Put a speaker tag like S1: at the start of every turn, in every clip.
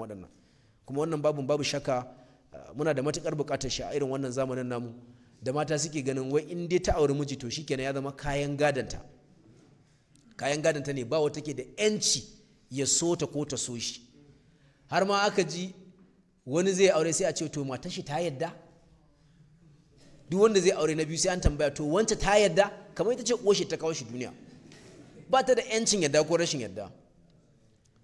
S1: waɗannan kuma wannan babu babu shaka ah, muna da matukar buƙatar shi a irin wannan zamanin namu da mata suke ganin wai in dai ta auri miji to shikenan ya zama kayan gadanta kayan gadanta ne ba wata ke da yanci ya so ta ko ta so shi har ma aka ji wani zai aure sai a ce to matar shi ta yadda duk wanda zai aure na biyu sai an tambaya to wancan ta yadda kamar ita ce uwar ta kawo shi duniya ba ta da yancin yadda ko rashin yadda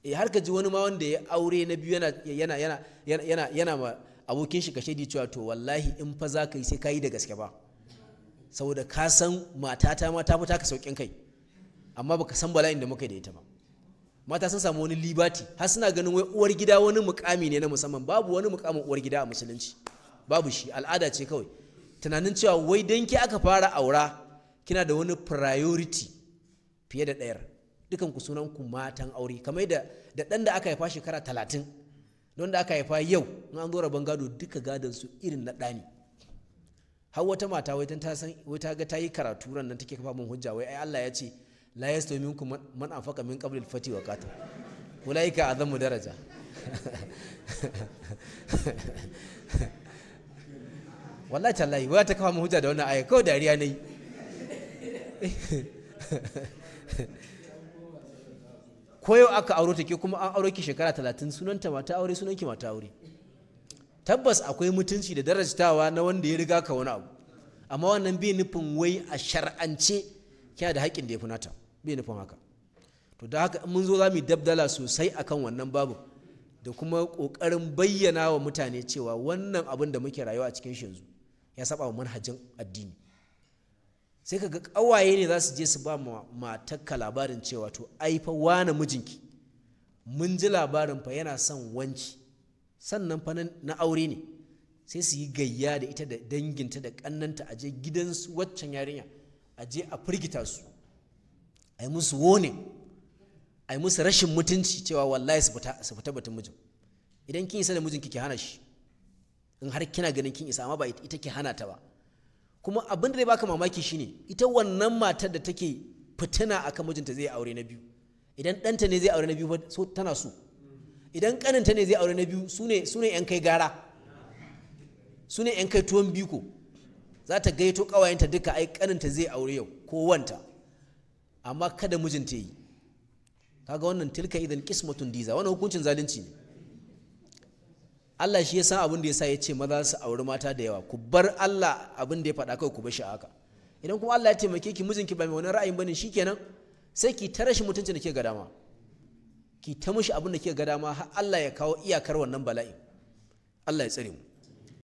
S1: eh har ka ji wani ma wanda ya aure na biyu yana yana yana yana yana ma abokin shi kashe shaidi cewa to wallahi in fa za ka yi sai ka yi da gaske ba saboda ka san matata ma ta fita taka saukin kai amma baka san bala'in da muka da ita ba mata sun samu wani libati har suna ganin wai uwar gida wani mukami ne na musamman babu wani mukamin uwar gida a musulunci babu shi al'ada ce kawai tunanin cewa wai dan ki aka fara aura kina da wani priority fiye da ɗayar dukan ku sunan ku matan aure kamar da da dan da aka haifa shekara talatin don da aka haifa yau in an zo rabon gado duka gadon su irin na dani har wata mata wai ta san wai ta ga tayi karatu ran nan take kafa mun hujja wai ai Allah ya ce la yastawi minkum man anfaqa min qabl al-fati wa qata ulaika azamu daraja wallahi tallahi wai ta kafa mun hujja da wannan aya ko dariya ne ko yau aka aure ta ke kuma an aure ki shekara talatin sunanta mata aure ki mata aure tabbas akwai mutunci da darajtawa na wanda ya riga ka wani abu amma wannan bai nufin wai a shar'ance kina da haƙƙin da ya fi nata bai nufin haka to da haka mun zo za mu dabdala sosai akan wannan babu da kuma ƙoƙarin bayyana wa mutane cewa wannan abin da muke rayuwa a cikin shi yanzu ya saba wa manhajin addini sai ka ga ƙawaye ne za su je su ba matakka labarin cewa to ai fa wane mijinki mun ji labarin fa yana son wanki sannan fa na aure ne sai su yi gayya da ita da danginta da ƙannanta a je gidansu waccan yarinya a je a firgita su a yi musu wone a yi musu rashin mutunci cewa wallahi su fita batun mijin idan kin isa da mijinki ki hana shi in har kina ganin kin isa amma ba ita ki hana ta ba kuma abin da zai baka mamaki shine ita wannan matar da take fitina akan mijinta zai aure na biyu idan ɗanta ne zai aure na biyu so tana so idan ƙaninta ne zai aure na biyu sune sune yan kai gara sune yan kai tuwon biko za ta gaito ƙawayenta duka ai kaninta zai aure yau ko wanta amma kada mijinta yi kaga wannan tilka idan kismatun diza wannan hukuncin zalunci ne Allah shi ya san abin da ya sa ya ce maza su auri mata da yawa ku bar Allah abin da ya faɗa kai ku bar shi haka idan kuma Allah ya taimake ki mijinki ba mai wani ra'ayin bane shikenan sai ki ta rashin mutuncin da ke ga dama ki ta mushi abin da ke ga dama har Allah ya kawo iyakar wannan bala'in Allah ya tsare mu